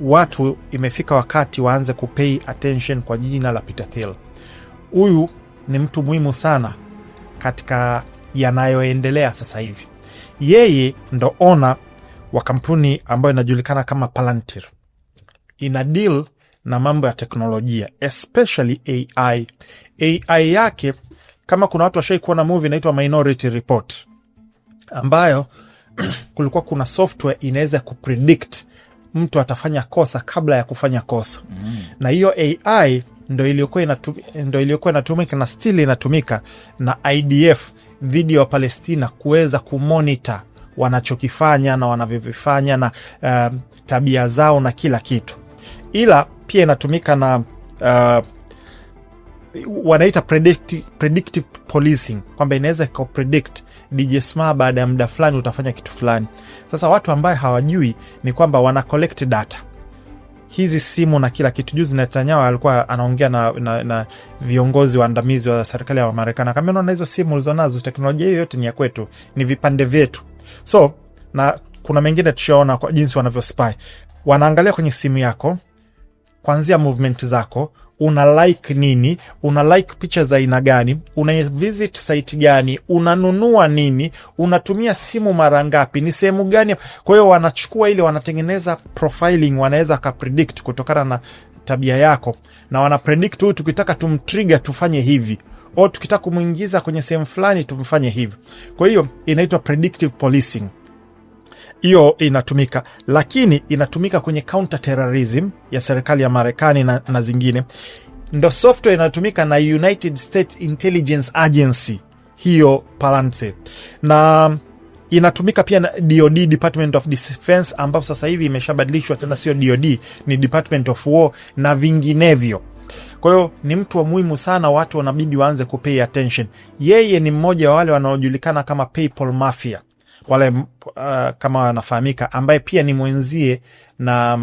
watu imefika wakati waanze kupei attention kwa jina la Peter Thiel. Huyu ni mtu muhimu sana katika yanayoendelea sasa hivi. Yeye ndo ona wa kampuni ambayo inajulikana kama Palantir, ina deal na mambo ya teknolojia especially AI. AI yake kama kuna watu washai kuona movie inaitwa Minority Report ambayo kulikuwa kuna software inaweza kupredict mtu atafanya kosa kabla ya kufanya kosa mm. na hiyo AI ndo iliyokuwa inatumika, na stili inatumika na IDF dhidi ya Wapalestina kuweza kumonita wanachokifanya na wanavyovifanya na uh, tabia zao na kila kitu, ila pia inatumika na uh, wanaita predictive policing kwamba inaweza ikapredict dijesma baada ya muda fulani utafanya kitu fulani. Sasa watu ambayo hawajui ni kwamba wana collect data hizi simu na kila kitu. Juzi Netanyahu alikuwa anaongea na, na, na viongozi waandamizi wa serikali ya Marekani akamwambia, naona hizo simu ulizonazo, teknolojia hiyo yote ni ya kwetu, ni vipande vyetu. So na kuna mengine tushaona kwa jinsi wanavyo spy, wanaangalia kwenye simu yako kwanzia movement zako una like nini, una like picha za aina gani, una visit site gani, unanunua nini, unatumia simu mara ngapi, ni sehemu gani. Kwa hiyo wanachukua ile, wanatengeneza profiling, wanaweza wakapredict kutokana na tabia yako, na wanapredict huyu, tukitaka tumtriga tufanye hivi au tukitaka kumwingiza kwenye sehemu fulani tumfanye hivi. Kwa hiyo inaitwa predictive policing hiyo inatumika, lakini inatumika kwenye counterterrorism ya serikali ya Marekani na, na zingine ndo software inayotumika na United States Intelligence Agency hiyo Palantir, na inatumika pia na DoD, Department of Defense, ambapo sasa hivi imeshabadilishwa tena, sio DoD, ni Department of War na vinginevyo. Kwa hiyo ni mtu wa muhimu sana, watu wanabidi waanze kupay attention. Yeye ni mmoja wa wale wanaojulikana kama PayPal mafia wale uh, kama wanafahamika, ambaye pia ni mwenzie na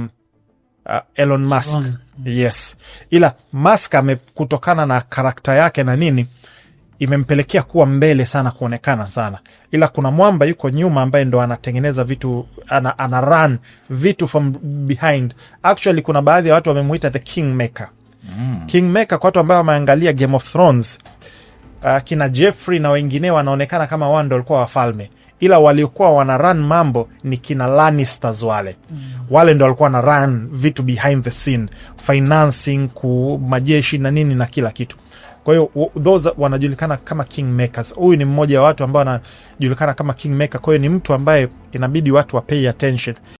uh, Elon Musk Elon. Yes, ila Musk amekutokana na karakta yake na nini imempelekea kuwa mbele sana kuonekana sana, ila kuna mwamba yuko nyuma ambaye ndo anatengeneza vitu ana, ana run vitu from behind. Actually kuna baadhi ya watu wamemuita the kingmaker. Mm. Kingmaker kwa watu ambao wameangalia Game of Thrones, uh, kina Jeffrey na wengineo wanaonekana kama wao ndo walikuwa wafalme ila waliokuwa wana run mambo ni kina Lannisters wale mm. wale ndo walikuwa wana run vitu behind the scene, financing ku majeshi na nini na kila kitu. Kwa hiyo those wanajulikana kama kingmakers. Huyu ni mmoja wa watu ambao wanajulikana kama kingmaker. Kwa hiyo ni mtu ambaye inabidi watu wa pay attention.